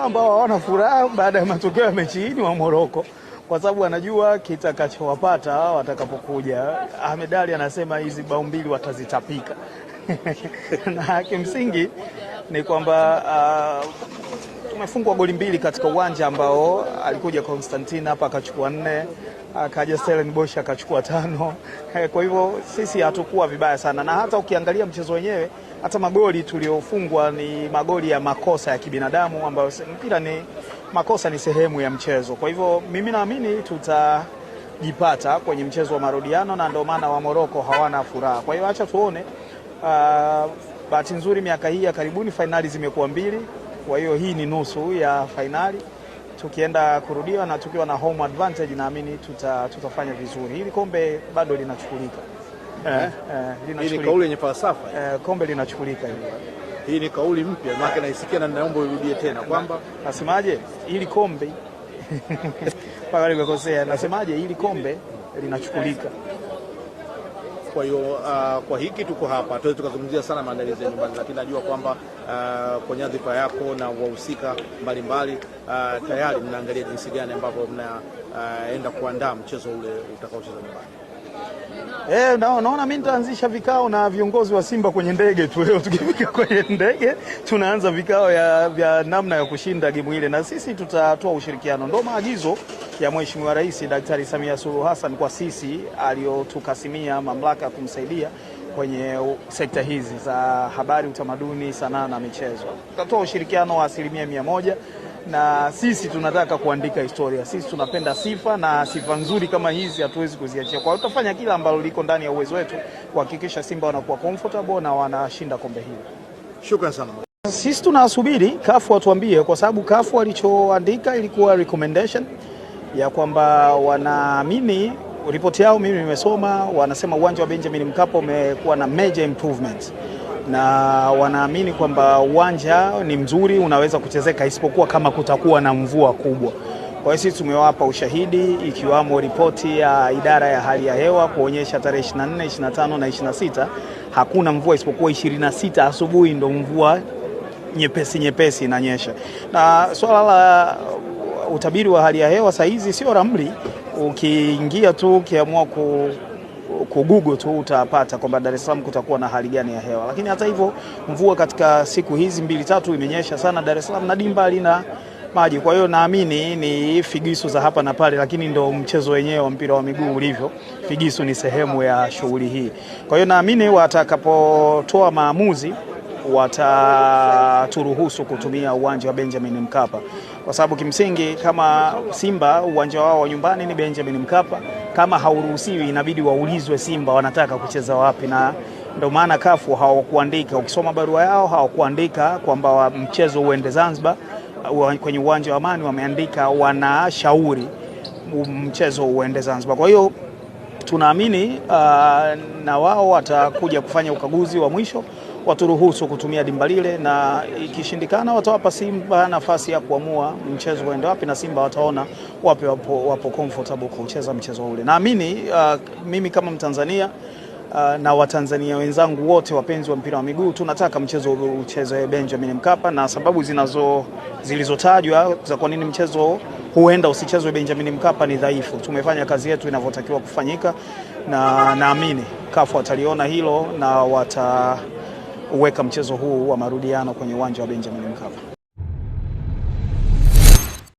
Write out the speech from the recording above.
ambao hawana furaha baada ya matokeo ya mechi hii wa Moroko, kwa sababu wanajua kitakachowapata watakapokuja. Ahmed Ali anasema hizi bao mbili watazitapika na kimsingi ni kwamba uh, tumefungwa goli mbili katika uwanja ambao alikuja Constantine hapa akachukua nne akaja Stellenbosch akachukua tano. Eh, kwa hivyo sisi hatukuwa vibaya sana, na hata ukiangalia mchezo wenyewe, hata magoli tuliofungwa ni magoli ya makosa ya kibinadamu, ambayo mpira ni makosa, ni sehemu ya mchezo. Kwa hivyo mimi naamini tutajipata kwenye mchezo wa marudiano, na ndio maana wa Moroko hawana furaha. Kwa hiyo acha tuone. Uh, bahati nzuri miaka hii ya karibuni fainali zimekuwa mbili, kwa hiyo hii ni nusu ya fainali tukienda kurudiwa na tukiwa na home advantage, naamini tuta, tutafanya vizuri. Hili kombe bado linachukulika eh, eh, eh Kauli yenye falsafa eh, kombe linachukulika hili. Hii ni kauli mpya maana naisikia na ninaomba urudie tena kwamba nasemaje, hili kombe mpaka nimekosea, nasemaje, hili kombe linachukulika. Kwa hiyo uh, kwa hiki tuko hapa tuweze tukazungumzia sana maandalizi ya nyumbani, lakini najua kwamba uh, ah, kwa nyadhifa yako na wahusika mbalimbali uh, tayari mnaangalia jinsi gani ambavyo mnaenda ah, uh, kuandaa mchezo ule utakaocheza nyumbani? Eh, naona no, mimi nitaanzisha vikao na viongozi wa Simba kwenye ndege tu leo. Tukifika kwenye ndege tunaanza vikao vya namna ya kushinda gemu ile, na sisi tutatoa ushirikiano. Ndio maagizo ya Mheshimiwa Rais Daktari Samia Suluhu Hassan kwa sisi aliyotukasimia mamlaka ya kumsaidia kwenye sekta hizi za habari, utamaduni, sanaa na michezo. Tutatoa ushirikiano wa asilimia mia moja na sisi tunataka kuandika historia. Sisi tunapenda sifa na sifa nzuri kama hizi hatuwezi kuziachia. Kwa hiyo tutafanya kila ambalo liko ndani ya uwezo wetu kuhakikisha Simba wanakuwa comfortable na wanashinda kombe hili. Shukrani sana. Sisi tunasubiri kafu watuambie, kwa sababu kafu walichoandika ilikuwa recommendation ya kwamba wanaamini Ripoti yao mimi nimesoma, wanasema uwanja wa Benjamin Mkapa umekuwa na major improvement na wanaamini kwamba uwanja ni mzuri, unaweza kuchezeka isipokuwa kama kutakuwa na mvua kubwa. Kwa hiyo sisi tumewapa ushahidi ikiwamo ripoti ya idara ya hali ya hewa kuonyesha tarehe 24, 25 na 26 hakuna mvua isipokuwa 26 asubuhi ndo mvua nyepesi nyepesi inanyesha. Na swala la utabiri wa hali ya hewa saa hizi sio ramli ukiingia tu ukiamua ku kugugo tu utapata kwamba Dar es Salaam kutakuwa na hali gani ya hewa. Lakini hata hivyo, mvua katika siku hizi mbili tatu imenyesha sana Dar es Salaam na dimba lina maji, kwa hiyo naamini ni figisu za hapa na pale, lakini ndo mchezo wenyewe wa mpira wa miguu ulivyo. Figisu ni sehemu ya shughuli hii, kwa hiyo naamini watakapotoa maamuzi wataturuhusu kutumia uwanja wa Benjamin Mkapa, kwa sababu kimsingi kama Simba uwanja wao wa nyumbani ni Benjamin Mkapa, kama hauruhusiwi inabidi waulizwe Simba wanataka kucheza wapi, na ndio maana kafu hawakuandika. Ukisoma barua yao hawakuandika kwamba mchezo uende Zanzibar kwenye uwanja wa Amani, wameandika wanashauri mchezo uende Zanzibar. Kwa hiyo tunaamini uh, na wao watakuja kufanya ukaguzi wa mwisho waturuhusu kutumia dimba lile, na ikishindikana watawapa Simba nafasi ya kuamua mchezo waende wapi, na Simba wataona wapi wapo, wapo comfortable kucheza mchezo ule. Naamini uh, mimi kama Mtanzania Uh, na Watanzania wenzangu wote wapenzi wa mpira wa miguu tunataka mchezo uchezwe Benjamin Mkapa, na sababu zinazo zilizotajwa za kwa nini mchezo huenda usichezwe Benjamin Mkapa ni dhaifu. Tumefanya kazi yetu inavyotakiwa kufanyika, na naamini kafu wataliona hilo na wata kuweka mchezo huu wa marudiano kwenye uwanja wa Benjamin Mkapa.